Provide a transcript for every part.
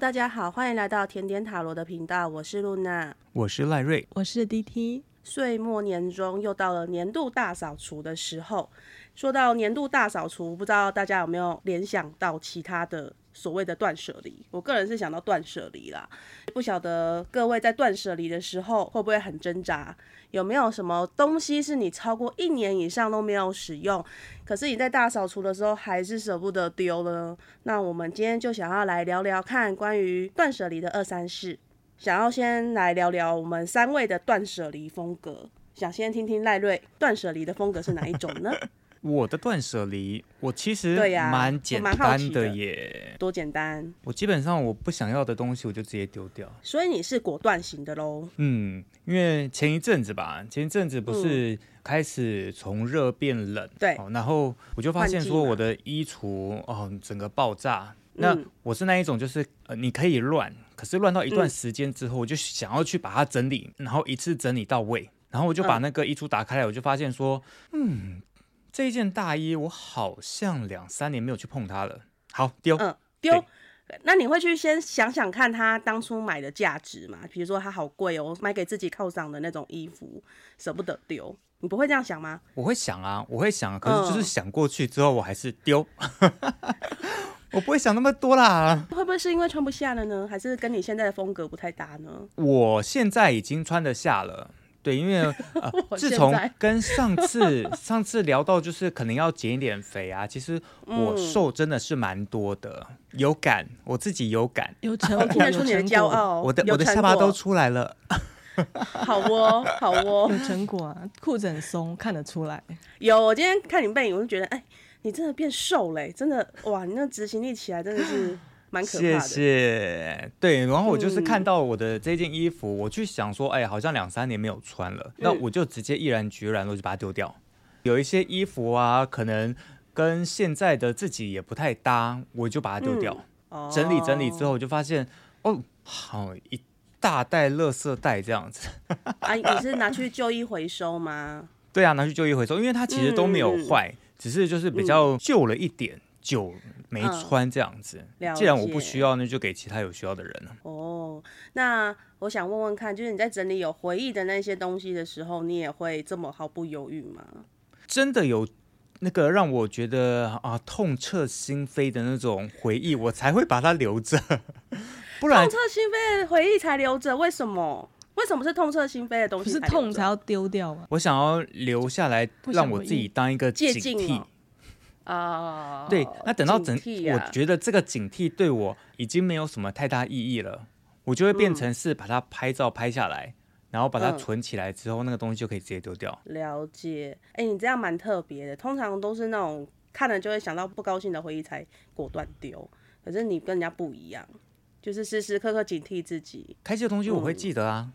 大家好，歡迎來到甜點塔羅的頻道，我是露娜，我是賴瑞，我是 DT。歲末年終又到了年度大掃除的時候，說到年度大掃除，不知道大家有沒有聯想到其他的？所謂的斷捨離，我個人是想到斷捨離啦，不曉得各位在斷捨離的時候會不會很掙扎，有沒有什麼東西是你超過一年以上都沒有使用，可是你在大掃除的時候還是捨不得丟呢？那我們今天就想要來聊聊看關於斷捨離的二三事，想要先來聊聊我們三位的斷捨離風格，想先聽聽賴瑞斷捨離的風格是哪一種呢？ 我的斷捨離，我其實蠻簡單的耶、啊的，多簡單。我基本上我不想要的東西，我就直接丟掉。所以你是果斷型的嘍？嗯，因為前一陣子吧，前一陣子不是開始從熱變冷，對、嗯哦。然後我就發現說，我的衣櫥哦，整個爆炸。嗯、那我是那一種，就是、呃、你可以亂，可是亂到一段時間之後，嗯、我就想要去把它整理，然後一次整理到位。然後我就把那個衣櫥打開來，我就發現說，嗯。這一件大衣，我好像兩三年沒有去碰它了。好丟，嗯丟，對那你會去先想想看，他當初買的價值嗎？比如說，他好貴哦，買給自己犒賞的那種衣服，捨不得丟，你不會這樣想嗎？我會想啊，我會想，可是就是想過去之後，我還是丟，嗯、 我不會想那麼多啦。會不會是因為穿不下了呢？還是跟你現在的風格不太搭呢？我現在已經穿得下了。 對，因為呃，自從跟上次上次聊到，就是可能要減一點肥啊。其實我瘦真的是蠻多的，嗯、有感，我自己有感，有成果，看得出你很驕傲，我的我的下巴都出來了。 好哦，好哦。有成果、啊，褲子很鬆，看得出來。有，我今天看你背影，我就覺得，哎，你真的變瘦嘞、欸，真的哇，你那執行力起來真的是。 可的謝謝。對，然後我就是看到我的這件衣服，嗯、我去想說，哎，好像兩三年沒有穿了，嗯、那我就直接毅然決然，的就把它丟掉。有一些衣服啊，可能跟現在的自己也不太搭，我就把它丟掉。嗯哦、整理整理之後，就發現哦，好一大袋垃圾袋這樣子。 啊，你是拿去舊衣回收嗎？ 對啊，拿去舊衣回收，因為它其實都沒有壞，嗯、只是就是比較舊了一點。嗯嗯就沒穿這樣子，嗯、既然我不需要，那就給其他有需要的人了。哦，oh, 那我想問問看，就是你在整理有回憶的那些東西的時候，你也會這麼毫不猶豫嗎？真的有那個讓我覺得啊痛徹心扉的那種回憶，我才會把它留着。 不然痛徹心扉的回憶才留着，為什麼？為什麼是痛徹心扉的東西？是痛才要丟掉啊？我想要留下來，讓我自己當一個警惕。啊，oh, 對，那等到整體，啊、我覺得這個警惕對我已經沒有什麼太大意義了，我就會變成是把它拍照拍下來，嗯、然後把它存起來之後，嗯、那個東西就可以直接丟掉。了解，哎，你這樣蠻特別的，通常都是那種看了就會想到不高興的回憶才果斷丟，可是你跟人家不一樣，就是時時刻刻警惕自己。開心的東西我會記得啊，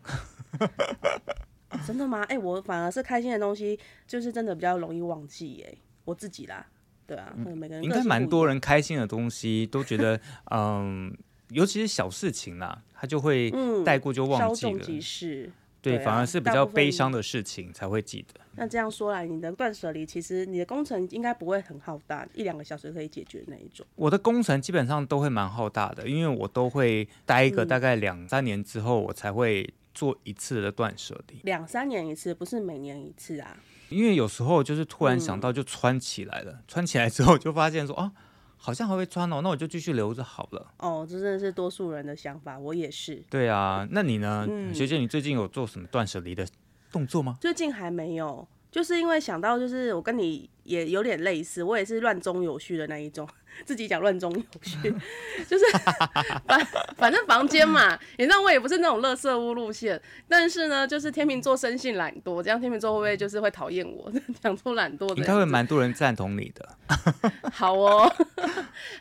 嗯、真的嗎？哎，我反而是開心的東西，就是真的比較容易忘記，哎，我自己啦。對啊，嗯、應該蠻多人開心的東西都覺得，嗯、 呃，尤其是小事情啦，他就會帶過就忘記了。嗯、稍縱即逝、對，對啊，反而是比較悲傷的事情才會記得。那這樣說來，你的斷捨離其實你的工程應該不會很浩大，一兩個小時可以解決那一種。我的工程基本上都會蠻浩大的，因為我都會待一個大概兩三年之後，我才會。做一次的斷捨離，兩三年一次，不是每年一次啊。因為有時候就是突然想到就穿起來了，嗯、穿起來之後就發現說啊，好像還會穿哦，那我就繼續留着好了。哦，這真的是多數人的想法，我也是。對啊，那你呢，嗯、學姐？你最近有做什麼斷捨離的動作嗎？最近還沒有，就是因為想到就是我跟你。也有點類似，我也是亂中有序的那一種，自己講亂中有序， 就是反反正房間嘛，演唱會也不是那種垃圾屋路線，但是呢，就是天秤座生性懶惰，這樣天秤座會不會就是會討厭我講、嗯、 出懶惰？你應該會蠻多人贊同你的。好哦，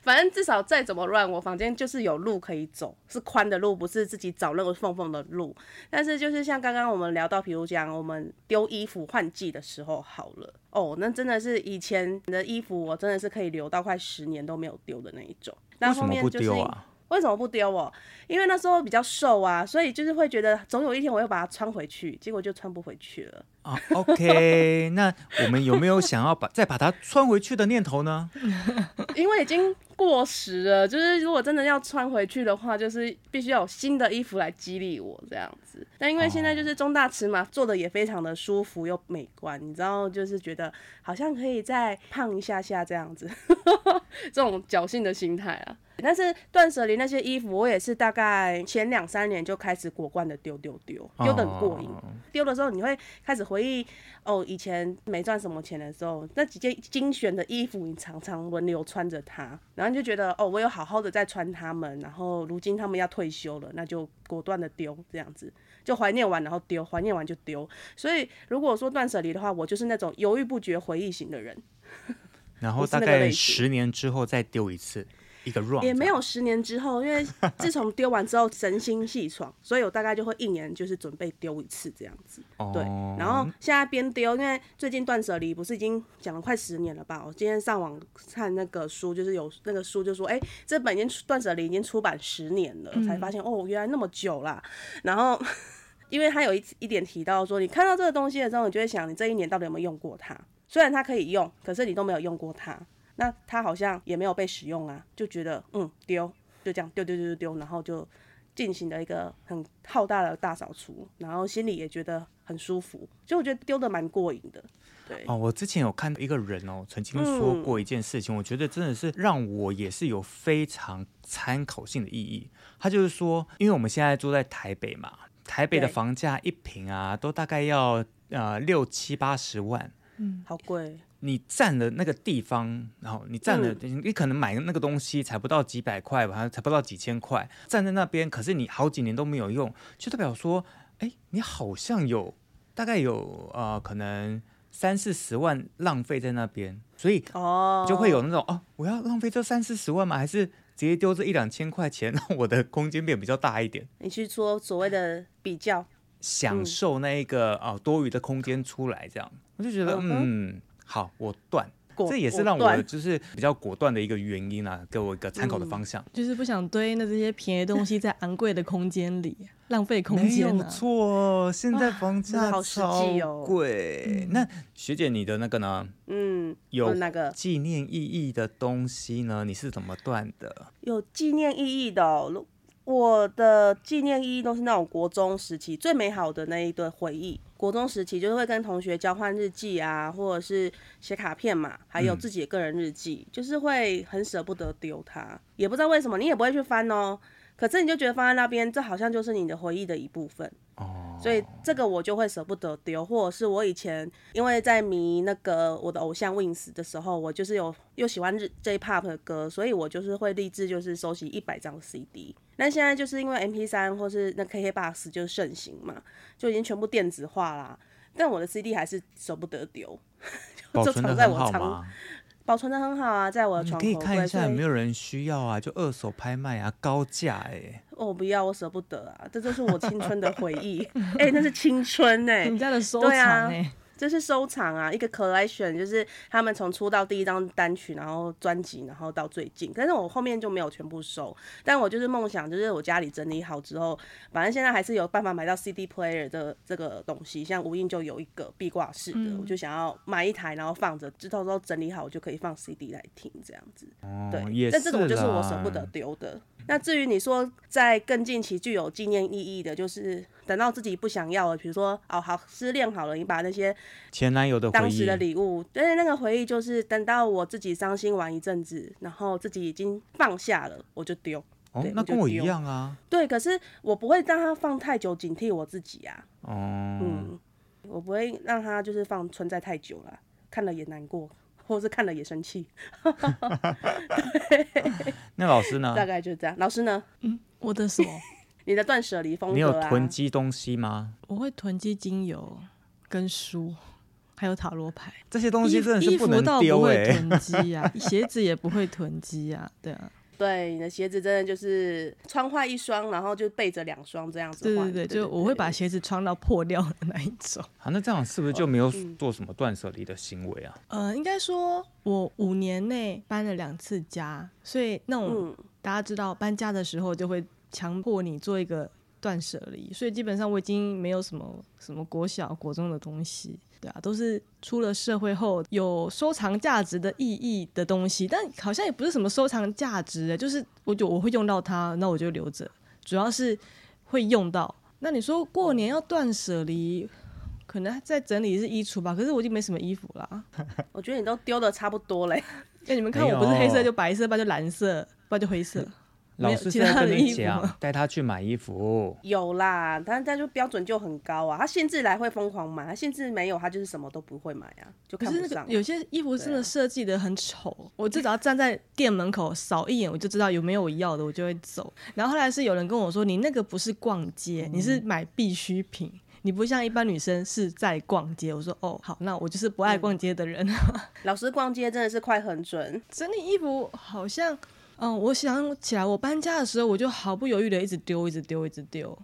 反正至少再怎麼亂，我房間就是有路可以走，是寬的路，不是自己找那個縫縫的路。但是就是像剛剛我們聊到，比如講我們丟衣服換季的時候，好了哦，那真的是。以前你的衣服，我真的是可以留到快十年都沒有丟的那一種。為什麼不丟啊？那後面就是為什麼不丟哦、喔？因為那時候比較瘦啊，所以就是會覺得總有一天我要把它穿回去，結果就穿不回去了啊。OK， 那我們有沒有想要把 再把它穿回去的念頭呢？因為已經。過時了，就是如果真的要穿回去的話，就是必須要有新的衣服來激勵我這樣子。但因為現在就是中大尺碼做的也非常的舒服又美觀，你知道，就是覺得好像可以再胖一下下這樣子， 這種僥倖的心態啊。但是斷捨離那些衣服，我也是大概前兩三年就開始果斷的丟丟丟，丟的很過癮。丟的時候你會開始回憶，哦，以前沒賺什麼錢的時候，那幾件精選的衣服，你常常輪流穿着它，然後你就覺得哦，我有好好的在穿它們。然後如今它們要退休了，那就果斷的丟，這樣子就懷念完然後丟，懷念完就丟。所以如果說斷捨離的話，我就是那種猶豫不決、回憶型的人。然後大概十年之後再丟一次。也沒有，十年之後，樣因為自從丟完之後神清氣爽。 所以我大概就會一年就是準備丟一次這樣子。哦、對，然後現在邊丟，因為最近《斷捨離》不是已經講了快十年了吧？我今天上網看那個書，就是有那個書就說，哎、欸，這本已經《斷捨離》已經出版十年了，才發現哦，原來那麼久了。嗯、然後，因為他有一一點提到說，你看到這個東西的時候，你就會想，你這一年到底有沒有用過它？雖然它可以用，可是你都沒有用過它。那他好像也沒有被使用啊，就覺得嗯丟，就這樣丟丢丢丢丢，然後就進行了一個很浩大的大掃除，然後心裡也覺得很舒服，所以我覺得丟的蠻過癮的。對哦，我之前有看一個人哦，曾經說過一件事情，嗯、我覺得真的是讓我也是有非常參考性的意義。他就是說，因為我們現在住在台北嘛，台北的房價一平啊，對都大概要呃六七八十萬，嗯，好貴。你佔了那個地方，然後你佔了，你可能買那個東西才不到幾百塊吧，才不到幾千塊，站在那邊，可是你好幾年都沒有用，就代表說，哎，你好像有大概有呃可能三四十萬浪費在那邊，所以就會有那種、oh. 哦，我要浪費這三四十萬嗎？還是直接丟這一兩千塊錢，讓我的空間變比較大一點？你去做所謂的比較，享受那一個啊、呃、多餘的空間出來，這樣我就覺得嗯。Uh huh. 好，我斷，斷這也是讓我就是比較果斷的一個原因啊，給我一個參考的方向，嗯、就是不想堆那這些便宜東西在昂貴的空間裡、啊、 浪費空間、啊。沒有錯，現在房價哇超貴。好哦嗯，那學姐，你的那個呢？嗯，有那個有紀念意義的東西呢，你是怎麼斷的？有紀念意義的、哦。我的紀念意義都是那種國中時期最美好的那一段回憶。國中時期就是會跟同學交換日記啊，或者是寫卡片嘛，還有自己的個人日記，嗯、就是會很舍不得丟它，也不知道為什麼，你也不會去翻哦、喔。可是你就覺得放在那邊，這好像就是你的回憶的一部分哦。所以這個我就會舍不得丟，或者是我以前因為在迷那個我的偶像 Wins 的時候，我就是有又喜歡 J-Pop 的歌，所以我就是會立志就是收集一百張 CD。那現在就是因為 M P 三或是那 K K Box 就盛行嘛，就已經全部電子化啦。但我的 C D 還是舍不得丟，存得 就藏在我床，保存得很好啊，在我的床頭櫃可以看一下，有沒有人需要啊，以就二手拍賣啊，高價。哎，欸。我、哦，不要，我舍不得啊，這就是我青春的回憶。哎， 欸，那是青春呢，欸？你家的收藏、欸這是收藏啊，一個 collection，就是他們從出到第一張單曲，然後專輯，然後到最近，但是我後面就沒有全部收，但我就是夢想，就是我家裡整理好之後，反正現在還是有辦法買到 CD player 的這個東西，像無印就有一個壁掛式的，嗯、我就想要買一台，然後放着，到時候整理好我就可以放 CD 來聽這樣子。對，但這種就是我捨不得丟的。那至於你說在更近期具有紀念意義的，就是等到自己不想要了，比如說哦，好，失戀好了，你把那些前男友的當時的禮物，但是那個回憶，就是等到我自己傷心完一陣子，然後自己已經放下了，我就丟。對哦，那跟我一樣啊。對，可是我不會讓它放太久，警惕我自己啊。哦、嗯。嗯，我不會讓它就是放存在太久了，看了也難過。或是看了也生氣， 對 那老師呢？大概就是這樣。老師呢？嗯，我的什麼？ 你的斷捨離風、啊？你有囤積東西嗎？我會囤積精油、跟書，還有塔羅牌。這些東西真的是不能丟哎！衣服倒不會囤積啊， 鞋子也不會囤積啊，對啊。對，你的鞋子真的就是穿壞一雙，然後就備着兩雙這樣子。對對，對，對，對，對就我會把鞋子穿到破掉的那一種，啊。那這樣是不是就沒有做什麼斷舍離的行為啊？呃，應該說，我五年內搬了兩次家，所以那種、嗯、大家知道搬家的時候就會強迫你做一個斷舍離，所以基本上我已經沒有什麼什麼國小、國中的東西。啊，都是出了社會後有收藏價值的意義的東西，但好像也不是什麼收藏價值的，就是我就我會用到它，那我就留着，主要是會用到。那你說過年要斷捨離，可能還在整理是衣櫥吧，可是我已經沒什麼衣服了。我覺得你都丟的差不多嘞。那你們看我不是黑色就白色吧，就藍色，不然就灰色。 老師在跟你講，帶他去買衣服。有啦，但他就標準就很高啊。他限制來會瘋狂買，他限制沒有，他就是什麼都不會買啊。就看可是那個有些衣服真的設計得很醜，啊、我至少站在店門口掃一眼，我就知道有沒有我要的，我就會走。然後後來是有人跟我說，你那個不是逛街，嗯、你是買必需品，你不像一般女生是在逛街。我說哦，好，那我就是不愛逛街的人。啊嗯。老師逛街真的是快很準，整理衣服好像。嗯、哦，我想起來，我搬家的時候，我就毫不猶豫的一直,一直丟，一直丟，一直丟，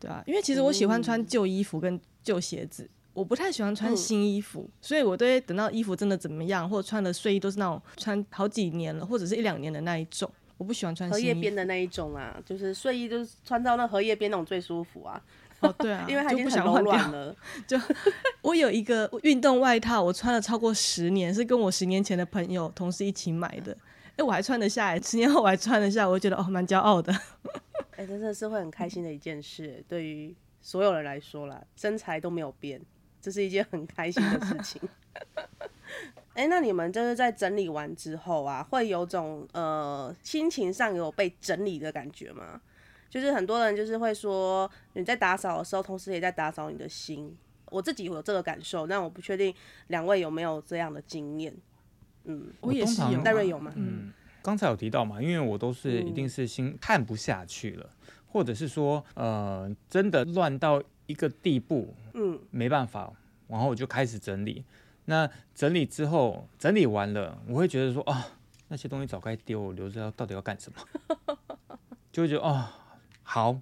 對啊，因為其實我喜歡穿舊衣服跟舊鞋子，嗯、我不太喜歡穿新衣服，嗯、所以我都等到衣服真的怎麼樣，或者穿的睡衣都是那種穿好幾年了，或者是一兩年的那一種。我不喜歡穿新衣服荷葉邊的那一種啊，就是睡衣就是穿到那荷葉邊那種最舒服啊。哦，對啊， 因為他已經很柔軟了。就 我有一個運動外套，我穿了超過十年，是跟我十年前的朋友同事一起買的。嗯哎、欸，我還穿得下，哎、欸，十年後我還穿得下，我覺得哦，蠻驕傲的。哎、欸，真的是會很開心的一件事，欸，對於所有人來說啦，身材都沒有變，這是一件很開心的事情。哎、 欸，那你們就是在整理完之後啊，會有種呃心情上有被整理的感覺嗎？就是很多人就是會說，你在打掃的時候，同時也在打掃你的心。我自己有這個感受，但我不確定兩位有沒有這樣的經驗。嗯、我也是，我有賴瑞有嗯，剛才有提到嘛，因為我都是一定是心、嗯、看不下去了，或者是說呃真的亂到一個地步，嗯，沒辦法，然後我就開始整理。那整理之後，整理完了，我會覺得說啊、哦，那些東西早該丟，我留着要到底要幹什麼？就會覺得啊、哦，好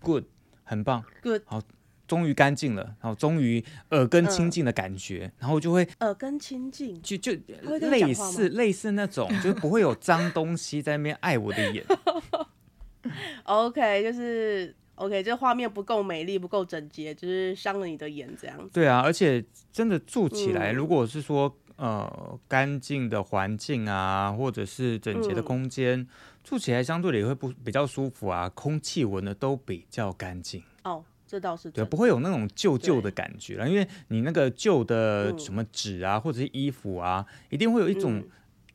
，good，很棒，good，好。終於乾淨了，然後終於耳根清淨的感覺，嗯、然後就會耳根清淨，就就類似類似那種， 就是不會有髒東西在那邊礙我的眼。 OK，就是 OK，這畫面不夠美麗，不夠整潔，就是傷了你的眼這樣子。對啊，而且真的住起來，如果是說、嗯、呃乾淨的環境啊，或者是整潔的空間，嗯、住起來相對的也會不比較舒服啊，空氣聞的都比較乾淨哦。這倒是對，不會有那種舊舊的感覺了。對因為你那個舊的什麼紙啊，嗯、或者是衣服啊，一定會有一種。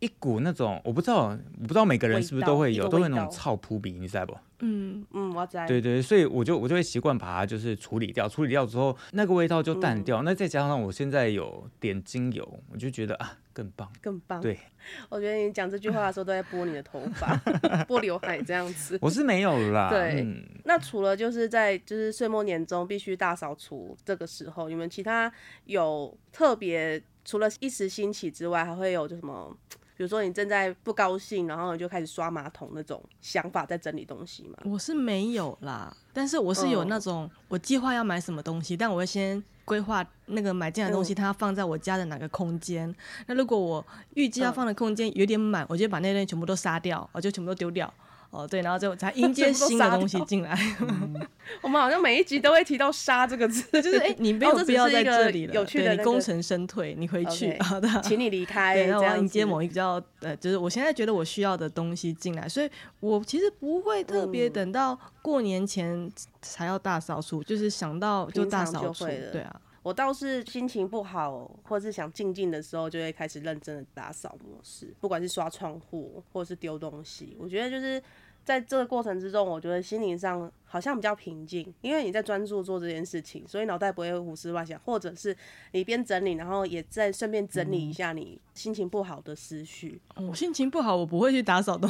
一股那種我不知道，我不知道每個人是不是都會有，都會那種臭撲鼻，你知不？嗯嗯，我知。對對，所以我就我就會習慣把它就是處理掉，處理掉之後那個味道就淡掉。嗯、那再加上我現在有點精油，我就覺得啊更棒，更棒。更棒對，我覺得你講這句話的時候都在撥你的頭髮，撥 劉海這樣子。 我是沒有了啦。對，嗯、那除了就是在就是歲末年終必須大掃除這個時候，你們其他有特別除了一時興起之外，還會有就什麼？比如說你正在不高興，然後就開始刷馬桶那種想法，在整理東西嗎？我是沒有啦，但是我是有那種我計劃要買什麼東西，嗯、但我會先規劃那個買進來東西，它要放在我家的哪個空間。嗯、那如果我預計要放的空間有點滿，嗯、我就把那些全部都殺掉，我就全部都丟掉。哦對，然後就才迎接新的東西進來。嗯、我們好像每一集都會提到“殺”這個字， 就是、欸、你沒有必要在這裡了。哦、有的、那個、對你功成身退，你回去好的，okay, 後請你離開這樣。對，然後我迎接某一比較呃，就是我現在覺得我需要的東西進來，所以我其實不會特別等到過年前才要大掃除，嗯、就是想到就大掃除。對啊，我倒是心情不好或是想靜靜的時候，就會開始認真的打掃模式，不管是刷窗戶或是丟東西，我覺得就是。在這個過程之中，我覺得心靈上好像比較平靜，因為你在專注做這件事情，所以腦袋不會胡思亂想，或者是你邊整理，然後也再順便整理一下你心情不好的思緒。我、嗯哦、心情不好，我不會去打掃的，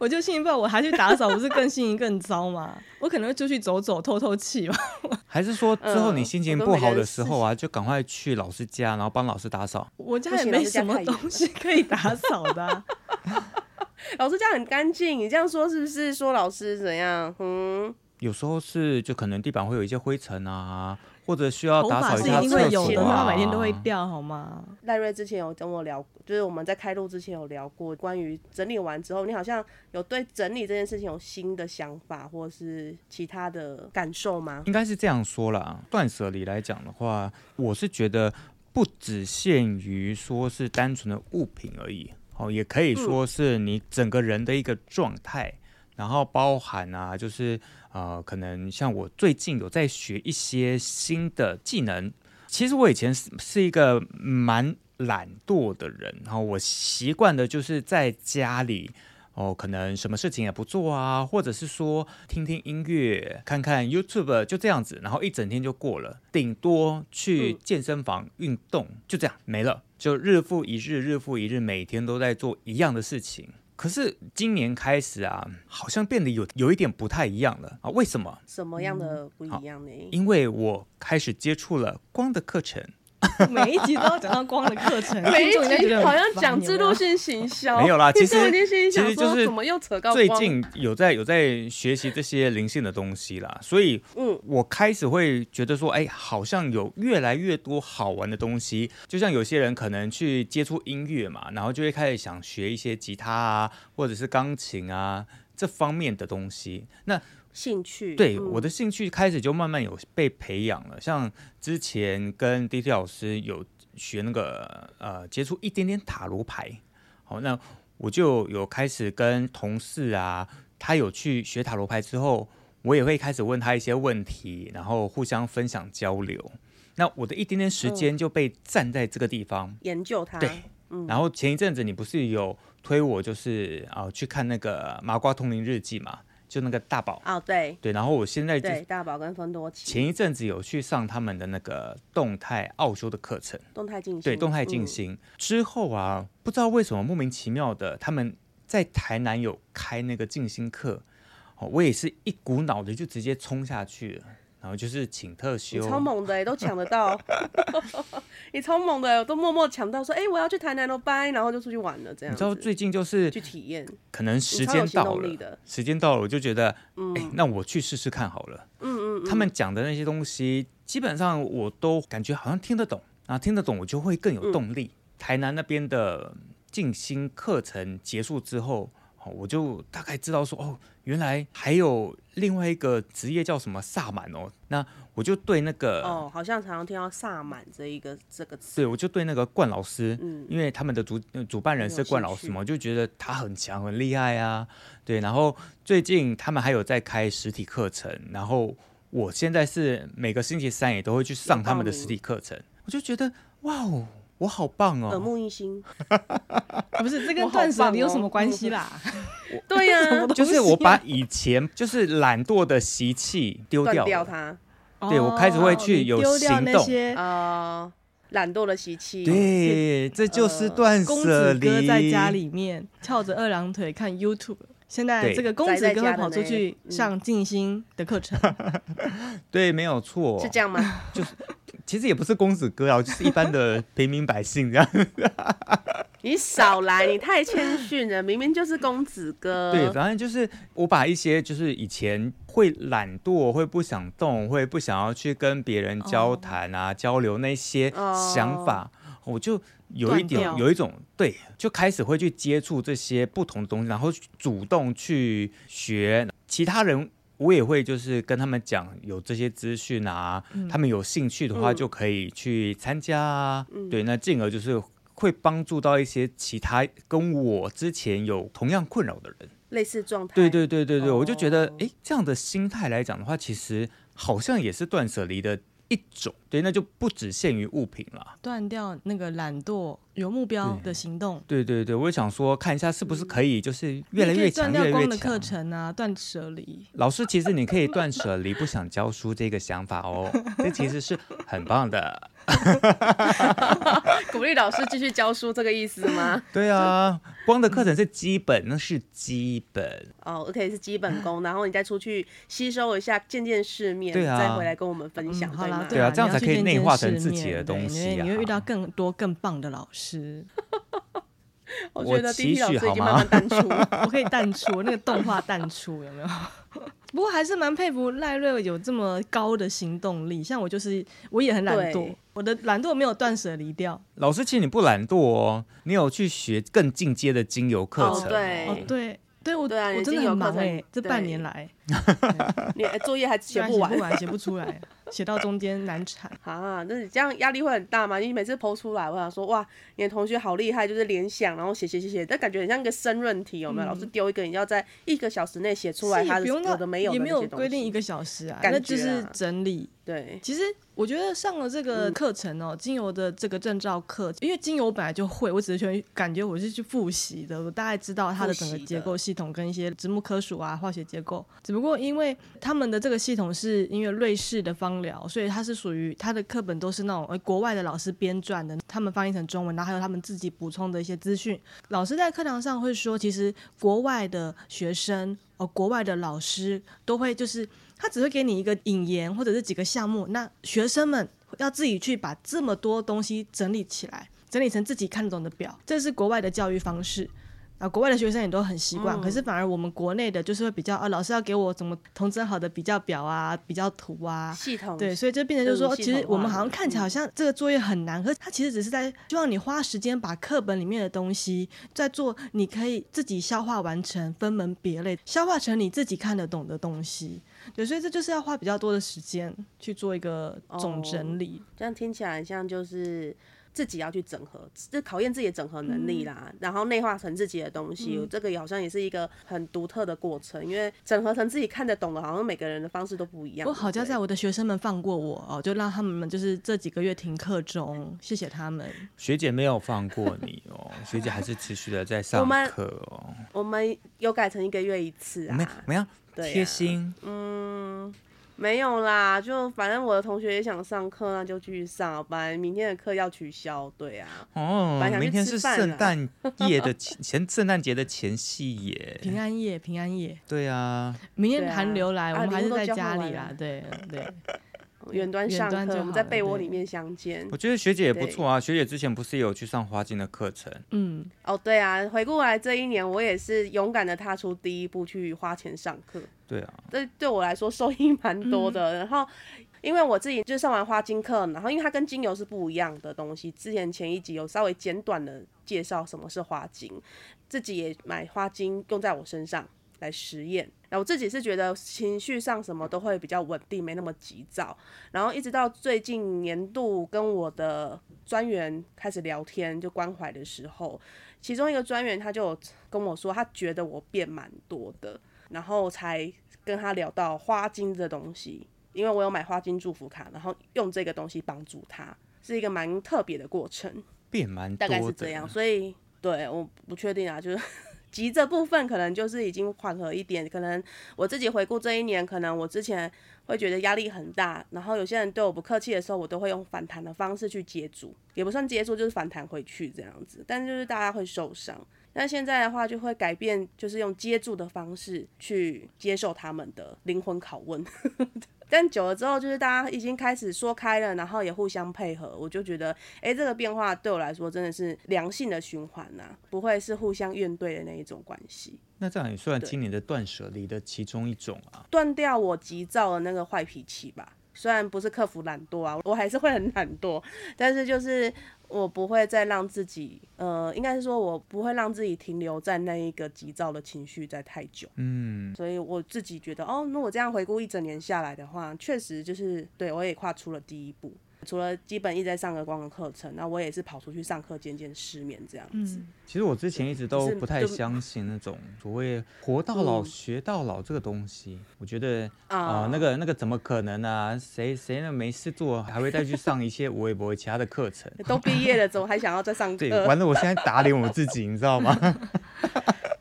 我就心情不好，我還去打掃，不是更心情更糟嗎？ 我可能會出去走走，透透氣吧。還是說之後你心情不好的時候啊，嗯、就趕快去老師家，然後幫老師打掃。我家也沒什麼東西可以打掃的、啊。 老師這樣很乾淨，你這樣說是不是說老師怎樣？嗯，有時候是，就可能地板會有一些灰塵啊，或者需要打掃一下、啊。頭髮是一定會有的，啊、有的每天都會掉，好嗎？賴瑞之前有跟我聊，就是我們在開錄之前有聊過關於整理完之後，你好像有對整理這件事情有新的想法，或是其他的感受嗎？應該是這樣說啦，斷捨離來講的話，我是覺得不只限於說是單純的物品而已。哦，也可以說是你整個人的一個狀態，然後包含啊，就是啊、呃，可能像我最近有在學一些新的技能。其實我以前是是一個蠻懶惰的人，然後我習慣的就是在家裡，哦、呃，可能什麼事情也不做啊，或者是說聽聽音樂、看看 YouTube，就這樣子，然後一整天就過了，頂多去健身房運動，就這樣，沒了。就日復一日，日復一日，每天都在做一樣的事情。可是今年開始啊，好像變得有有一點不太一樣了啊。為什麼？什麼樣的不一樣呢？因為我開始接觸了光的課程。 每一集都要講到光的課程， 每一集好像講制度性行銷， 沒有啦。其實，其實就是最近有在有在學習這些靈性的東西啦，所以我開始會覺得說，哎、欸，好像有越來越多好玩的東西。就像有些人可能去接觸音樂嘛，然後就會開始想學一些吉他啊，或者是鋼琴啊這方面的東西。那興趣對、嗯、我的興趣開始就慢慢有被培養了，像之前跟 D.T 老師有學那個呃接觸一點點塔羅牌，好，那我就有開始跟同事啊，他有去學塔羅牌之後，我也會開始問他一些問題，然後互相分享交流。那我的一點點時間就被佔在這個地方、嗯、研究它。對，嗯、然後前一陣子你不是有推我就是啊、呃、去看那個《麻瓜通靈日記》嘛？就那個大寶哦，對對，然後我現在就對大寶跟芬多，前一陣子有去上他們的那個動態奧修的課程，動態靜心。對，動態靜心之後啊，不知道為什麼莫名其妙的他們在台南有開那個靜心課，哦，我也是一股腦的就直接衝下去了。然後就是請特休，你超猛的哎、欸，都搶得到。 你超猛的、欸、我都默默搶到，說哎、欸，我要去台南都、哦、拜，Bye, 然後就出去玩了這樣。你知道最近就是去體驗，可能時間到了，時間到了，我就覺得哎、嗯欸，那我去試試看好了。嗯嗯嗯，他們講的那些東西，基本上我都感覺好像聽得懂，啊，聽得懂我就會更有動力。嗯、台南那邊的靜心課程結束之後。我就大概知道說，哦，原來還有另外一個職業叫什麼薩滿哦。那我就對那個哦，好像常常聽到薩滿這一個這個詞。對，我就對那個冠老師，嗯，因為他們的主主辦人是冠老師嘛，我就覺得他很強很厲害啊。對，然後最近他們還有在開實體課程，然後我現在是每個星期三也都會去上他們的實體課程，我就覺得哇哦。我好棒哦，耳目一新， 啊、不是，這跟斷捨離有什麼關係啦？哦、 對呀、啊， 就是我把以前就是懶惰的習氣丟掉掉它，對，我開始會去有行動、哦、掉那些啊懶對、呃、惰的習氣，對，這就是斷捨、呃。公子哥在家裡面翹着二郎腿看 YouTube。現在這個公子哥要跑出去上靜心的課程，對，嗯、 對，沒有錯，是這樣嗎？就是，其實也不是公子哥啊，就是一般的平民百姓這樣。 你少來，你太謙遜了，明明就是公子哥。對，反正就是我把一些就是以前會懶惰、會不想動、會不想要去跟別人交談啊、oh. 交流那些想法，oh. 我就。有一點，斷掉，有一種，對，就開始會去接觸這些不同的東西，然後主動去學。其他人我也會就是跟他們講有這些資訊啊，嗯、他們有興趣的話就可以去參加啊。嗯、對，那進而就是會幫助到一些其他跟我之前有同樣困擾的人，類似狀態。對對對對對，哦，我就覺得哎，這樣的心態來講的話，其實好像也是斷捨離的。一種，對，那就不只限於物品了。斷掉那個懶惰，有目標的行動。對，對對對，我也想說，看一下是不是可以，就是越來越強，斷掉光的課程啊，越越斷捨離。老師，其實你可以斷捨離， 不想教書這個想法哦，這其實是很棒的。 鼓勵老師繼續教書，這個意思嗎？ 對啊，光的課程是基本，那是基本哦，可以，oh, okay, 是基本功， 然後你再出去吸收一下，見見世面，啊、再回來跟我們分享，嗯、好嗎？對啊，這樣才可以內化成自己的東西，啊、你會遇到更多更棒的老師。 我覺得 D.T 老師已經慢慢淡出我， 我可以淡出那個動畫淡出，有沒有？ 不過還是蠻佩服賴瑞有這麼高的行動力，像我就是，我也很懶惰，對我的懶惰沒有斷捨離掉。老師，其實你不懶惰哦，你有去學更進階的精油課程，哦、對、哦、對對，我對、啊、我真的很忙誒、欸，這半年來。你作業還寫不完，寫不出來，寫到中間難產啊！那你這樣壓力會很大嗎？你每次剖出來，我想說哇，你的同學好厲害，就是聯想，然後寫寫寫寫，但感覺很像一個申論題，有沒有？老師丟一個，你要在一個小時內寫出來它的有的沒有的這些東西，也沒有規定一個小時啊，那就是整理。對，其實我覺得上了這個課程哦，精油的這個證照課，因為精油我本來就會，我只是覺得感覺我是去復習的，我大概知道它的整個結構系統跟一些植物科屬啊、化學結構。不過，因為他們的這個系統是因為瑞士的方療，所以它是屬於它的課本都是那種國外的老師編撰的，他們翻譯成中文，然後還有他們自己補充的一些資訊。老師在課堂上會說，其實國外的學生呃、哦、國外的老師都會就是他只會給你一個引言或者是幾個項目，那學生們要自己去把這麼多東西整理起來，整理成自己看懂的表，這是國外的教育方式。啊，國外的學生也都很習慣，嗯、可是反而我們國內的，就是會比較啊，老師要給我怎麼統整好的比較表啊、比較圖啊，系統，對，所以就變成就是說，是其實我們好像看起來好像這個作業很難，嗯、可是它其實只是在希望你花時間把課本裡面的東西在做，你可以自己消化完成，分門別類消化成你自己看得懂的東西，對，所以這就是要花比較多的時間去做一個總整理、哦，這樣聽起來很像就是。自己要去整合，就考驗自己的整合能力啦，嗯、然後內化成自己的東西，嗯、這個也好像也是一個很獨特的過程，因為整合成自己看得懂的，好像每個人的方式都不一樣。我好家在我的學生們放過我哦，就讓他們就是這幾個月停課中，謝謝他們。學姐沒有放過你哦， 學姐還是持續的在上課哦。我們，我們有改成一個月一次，啊沒，沒有沒有，對啊，貼心，嗯。沒有啦，就反正我的同學也想上課，那就繼續上。本來明天的課要取消，對啊，哦，明天是聖誕節的前，聖誕節的前夕耶，平安夜，平安夜，對啊，明天寒流來，啊、我們還是在家裡啦，對、啊、對。對 遠端上課，我們在被窩裡面相見。對我覺得學姐也不錯啊，對學姐之前不是有去上花精的課程？嗯，哦，oh, 對啊，回顧過來這一年，我也是勇敢的踏出第一步去花錢上課。對啊，對對我來說收益蠻多的。嗯、然後，因為我自己就上完花精課，然後因為它跟精油是不一樣的東西，之前前一集有稍微簡短的介紹什麼是花精，自己也買花精用在我身上來實驗。我自己是覺得情緒上什麼都會比較穩定，沒那麼急躁。然後一直到最近年度跟我的專員開始聊天，就關懷的時候，其中一個專員他就跟我說，他覺得我變蠻多的，然後才跟他聊到花精的東西，因為我有買花精祝福卡，然後用這個東西幫助他，是一個蠻特別的過程。變蠻多的，大概是這樣。所以，對，我不確定啊，就是。急這部分可能就是已經緩和一點，可能我自己回顧這一年，可能我之前會覺得壓力很大，然後有些人對我不客氣的時候，我都會用反彈的方式去接住，也不算接住，就是反彈回去這樣子，但是就是大家會受傷。那現在的話就會改變，就是用接住的方式去接受他們的靈魂拷問。呵呵但久了之後，就是大家已經開始說開了，然後也互相配合，我就覺得，哎、欸，這個變化對我來說真的是良性的循環吶、啊，不會是互相怨懟的那一種關係。那這樣也算今年的斷舍離的其中一種啊，斷掉我急躁的那個壞脾氣吧。雖然不是克服懶惰啊，我還是會很懶惰，但是就是。我不會再讓自己，呃，應該是說，我不會讓自己停留在那一個急躁的情緒在太久。嗯，所以我自己覺得，哦，如果這樣回顧一整年下來的話，確實就是，對，我也跨出了第一步。除了基本一直在上個光的課程，那我也是跑出去上課見見世面這樣子。嗯、其實我之前一直都不太相信那種所謂“活到老學到老”這個東西，嗯、我覺得啊、呃、那個那個怎麼可能呢、啊？誰誰呢？沒事做還會再去上一些微博其他的課程？ 都畢業了之後還想要再上課？對，完了我現在打臉我自己， 你知道嗎？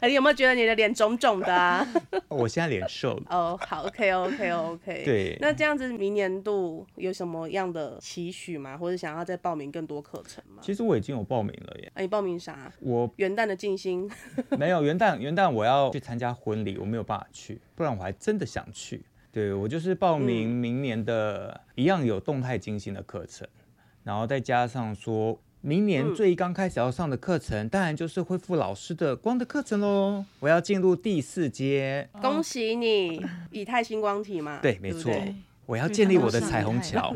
欸、你有沒有覺得你的臉腫腫的啊？ 我現在臉瘦了哦，好，OK，OK，OK。對。那這樣子明年度有什麼樣的期許嗎？或者想要再報名更多課程嗎？其實我已經有報名了耶。啊、你報名啥？我元旦的靜心。 沒有元旦，元旦我要去參加婚禮，我沒有辦法去，不然我還真的想去。對，我就是報名明年的一樣有動態靜心的課程，嗯、然後再加上說。明年最剛開始要上的課程，嗯、當然就是恢復老師的光的課程嘍。我要進入第四階。恭喜你，以太星光體嘛？對，沒錯。我要建立我的彩虹橋。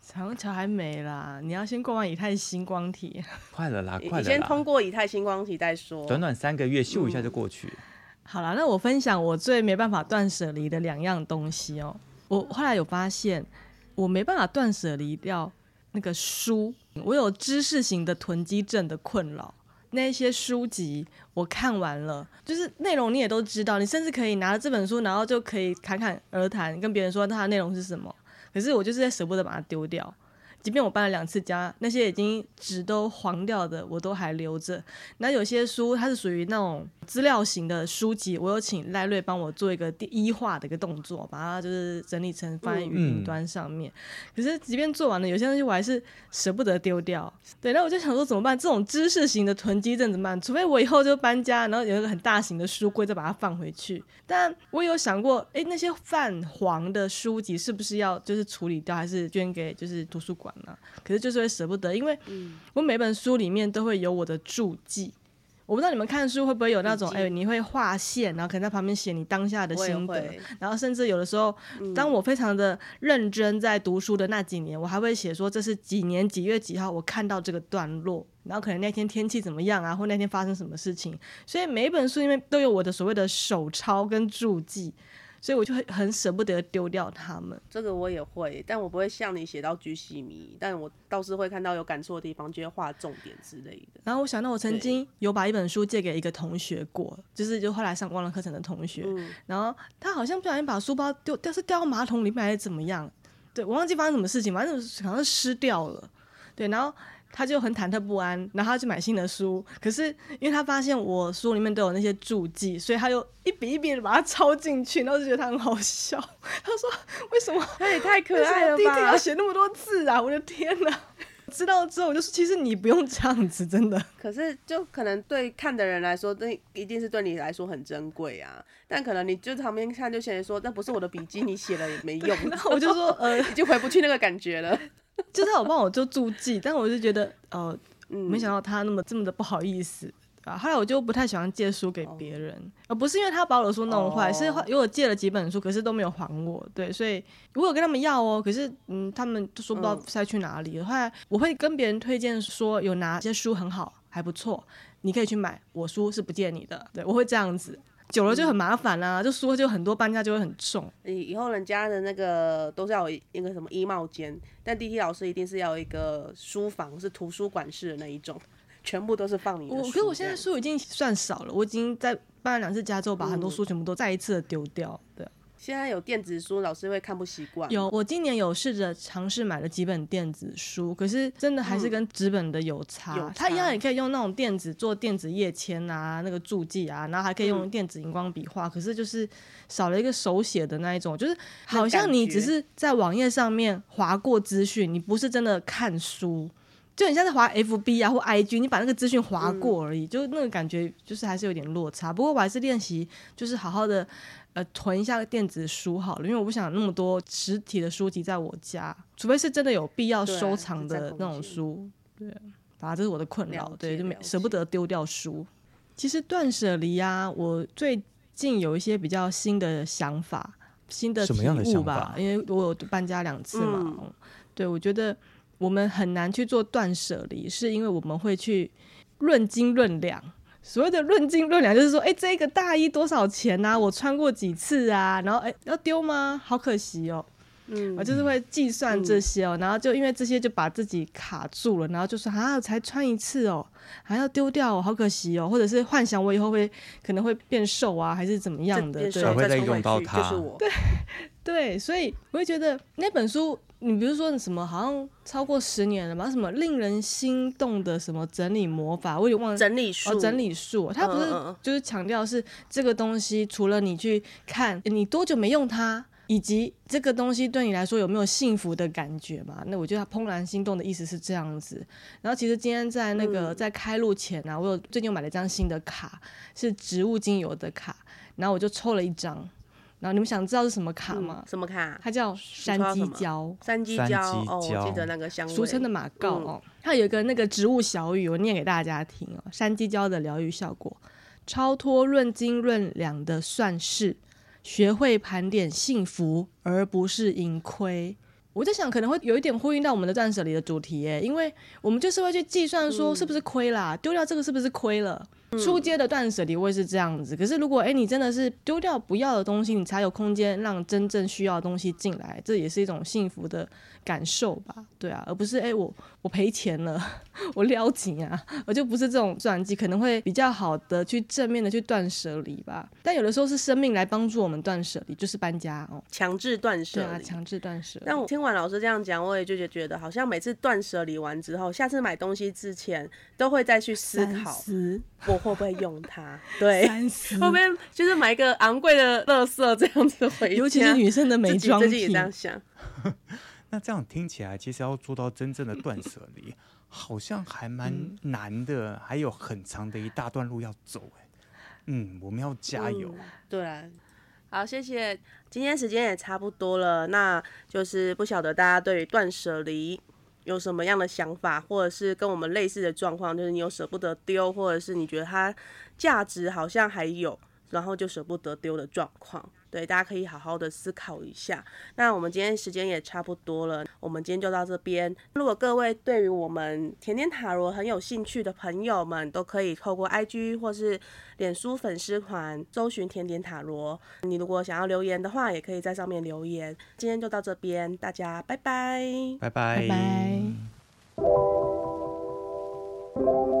彩虹橋還沒啦，你要先過完以太星光體。光體 快了啦，快了。先通過以太星光體再說。短短三個月，秀一下就過去。嗯、好啦，那我分享我最沒辦法斷捨離的兩樣東西哦、喔。我後來有發現，我沒辦法斷捨離掉那個書，我有知識型的囤積症的困擾。那些書籍我看完了，就是內容你也都知道，你甚至可以拿着這本書，然後就可以侃侃而談，跟別人說它的內容是什麼。可是我就是在捨不得把它丟掉。即便我搬了兩次家，那些已經紙都黃掉的我都還留着。那有些書它是屬於那種資料型的書籍，我有請賴瑞幫我做一個第一化的一個動作，把它就是整理成放在雲端上面。嗯、可是即便做完了，有些東西我還是捨不得丟掉。對，那我就想說怎麼辦？這種知識型的囤積症怎麼辦？除非我以後就搬家，然後有一個很大型的書櫃再把它放回去。但我有想過，哎，那些泛黃的書籍是不是要就是處理掉，還是捐給就是圖書館？可是就是會捨不得，因為，我每本書裡面都會有我的註記。嗯、我不知道你們看書會不會有那種，近哎，你會劃線，然後可能在旁邊寫你當下的心得，然後甚至有的時候，嗯、當我非常的認真在讀書的那幾年，我還會寫說這是幾年幾月幾號我看到這個段落，然後可能那天天氣怎麼樣啊，或那天發生什麼事情。所以每一本書裡面都有我的所謂的手抄跟註記。所以我就很捨不得丟掉它們，這個我也會，但我不會像你寫到巨細靡遺，但我倒是會看到有感觸的地方，就會畫重點之類的。然後我想到我曾經有把一本書借給一個同學過，就是就後來上網了課程的同學，然後他好像不小心把書包丟掉，是掉到馬桶裡面還是怎麼樣？對，我忘記發生什麼事情，反正好像是濕掉了。對，然後。他就很忐忑不安，然後他去買新的書，可是因為他發現我書裡面都有那些注記，所以他就一筆一筆的把它抄進去，然後就覺得他很好笑。他說：“為什麼？他也太可愛了吧！弟弟要寫那麼多字啊！”我的天吶，知道之後，我就說：“其實你不用這樣子，真的。”可是就可能對看的人來說，這一定是對你來說很珍貴啊。但可能你就旁邊看就說，就先說那不是我的筆記，你寫了也沒用。 ”然後我就說：“呃，已經回不去那個感覺了。” 就是他有幫我做註記，但我就覺得，哦、呃，嗯、沒想到他那麼這麼的不好意思，啊。後來我就不太喜歡借書給別人，呃、哦，而不是因為他把我的書弄壞，哦、是因為我借了幾本書，可是都沒有還我，對，所以如果有跟他們要哦，可是嗯，他們就說不知道去哪裡的話，嗯、後來我會跟別人推薦說有哪些書很好，還不錯，你可以去買，我書是不借你的，對，我會這樣子。久了就很麻煩啦，啊，嗯、就書就很多，搬家就會很重。以以後人家的那個都是要有一個什麼衣帽間，但 D T 老師一定是要一個書房，是圖書館式的那一種，全部都是放你的書。我覺得、哦、我現在書已經算少了，我已經在搬了兩次家之後，把很多書全部都再一次的丟掉，嗯、對。現在有電子書，老師會看不習慣？有，我今年有試着嘗試買了幾本電子書，可是真的還是跟紙本的有差。嗯、有差。它一樣也可以用那種電子做電子頁籤啊，那個註記啊，然後還可以用電子熒光筆畫，嗯、可是就是少了一個手寫的那一種，就是好像你只是在網頁上面劃過資訊，你不是真的看書。就很像是滑 FB 啊或 IG，你把那個資訊滑過而已，嗯、就那個感覺就是還是有點落差。不過我還是練習，就是好好的呃囤一下電子書好了，因為我不想那麼多實體的書籍在我家，除非是真的有必要收藏的那種書。對,啊、對，啊，這是我的困擾，了解對，就沒舍不得丟掉書。了解其實斷舍離啊，我最近有一些比較新的想法，新的體悟吧，什麼樣的想法？因為我有搬家兩次嘛，嗯、對，我覺得。我們很難去做斷捨離，是因為我們會去論斤論兩。所謂的論斤論兩，就是說，哎、欸，這個大衣多少錢啊？我穿過幾次啊？然後，哎、欸，要丟嗎？好可惜哦、喔。嗯，我就是會計算這些哦、喔。然後就因為這些，就把自己卡住了。嗯、然後就說，啊，才穿一次哦、喔，還要丟掉、喔，好可惜哦、喔。或者是幻想我以後會可能會變瘦啊，還是怎麼樣的，對，才會再用到它。對，對，所以我會覺得那本書。你比如說，你什麼好像超過十年了嗎？什麼令人心動的什麼整理魔法，我也忘了。整理術、哦，整理術，它不是就是強調是這個東西，除了你去看嗯嗯你多久沒用它，以及這個東西對你來說有沒有幸福的感覺嘛？那我覺得它怦然心動的意思是這樣子。然後其實今天在那個、嗯、在開錄前啊，我有最近又買了一張新的卡，是植物精油的卡，然後我就抽了一張。然後你們想知道是什麼卡嗎？嗯、什麼卡？它叫山雞椒，山雞椒哦，我記得那個香味，俗稱的馬告、嗯、哦。它有一個那個植物小語，我念給大家聽哦。山雞椒的療癒效果，超脫論斤論兩的算式，學會盤點幸福而不是盈虧。我在想，可能會有一點呼應到我們的斷捨離的主題耶，因為我們就是會去計算說，是不是虧啦？嗯、丟掉這個是不是虧了？初階的斷捨離會是這樣子，嗯、可是如果哎、欸、你真的是丟掉不要的東西，你才有空間讓真正需要的東西進來，這也是一種幸福的感受吧？對啊，而不是哎、欸、我我賠錢了，我勒緊，啊，我就不是這種算計，可能會比較好的去正面的去斷捨離吧。但有的時候是生命來幫助我們斷捨離，就是搬家哦，強制斷捨離，對、啊、強制斷捨。但我聽完老師這樣講，我也就覺得好像每次斷捨離完之後，下次買東西之前都會再去思考，三思。我。會不會用它？對，30? 會不會就是買一個昂貴的垃圾這樣子回去？尤其是女生的美妝，自己，自己也這樣想。 那這樣聽起來，其實要做到真正的斷捨離， 好像還蠻難的，嗯、還有很長的一大段路要走、欸。嗯，我們要加油。嗯、對，好，謝謝。今天時間也差不多了，那就是不曉得大家對於斷捨離。有什麼樣的想法，或者是跟我們類似的狀況，就是你有捨不得丟，或者是你覺得它價值好像還有。然後就捨不得丟的狀況，對，大家可以好好的思考一下。那我們今天時間也差不多了，我們今天就到這邊。如果各位對於我們甜點塔羅很有興趣的朋友們，都可以透過 IG 或是臉書粉絲團搜尋甜點塔羅。你如果想要留言的話，也可以在上面留言。今天就到這邊，大家拜拜，拜拜，拜拜。